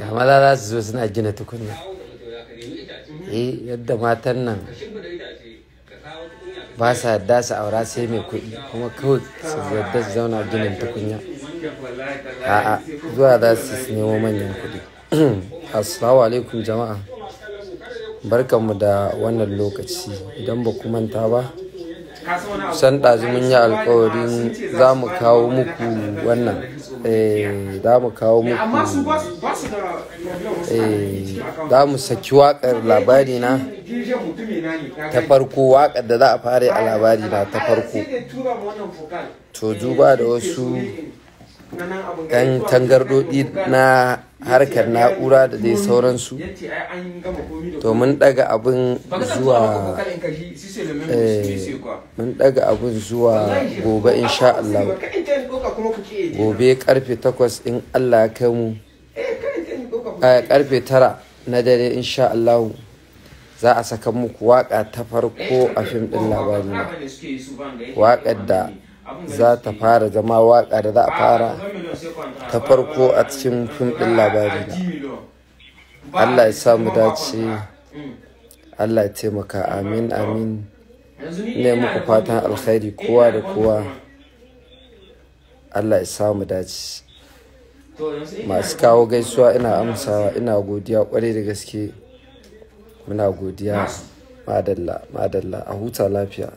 ya maza za su zo suna gina tukunya eh yadda matan nan ba sa yadda su aura sai mai kuɗi kuma kawai su yadda su zauna gina tukunya a'a zuwa za su nemo manyan kuɗi assalamu alaikum jama'a barkanmu da wannan lokaci idan ba ku manta ba san ɗazi mun yi alkawarin za mu kawo muku wannan eh, za mu kawo muku eh, za mu saki waƙar labari na ta farko waƙar da za a fara a labari na ta farko to duba da wasu 'yan tangardodi na harkar na'ura da dai sauransu to mun daga eh, abin zuwa mun daga abin zuwa gobe insha Allah gobe karfe 8 in Allah ya kai mu eh, eh, karfe 9 na dare insha Allah za a saka muku waka ta farko a fim din labarin waƙar da za ta fara zama waƙa da za a fara ta farko a cikin fim ɗin labari na allah ya samu dace allah ya taimaka amin amin ne muku fatan alkhairi kowa da kowa allah ya samu dace masu kawo gaisuwa ina amsawa ina godiya kwarai da gaske muna godiya madalla madalla a huta lafiya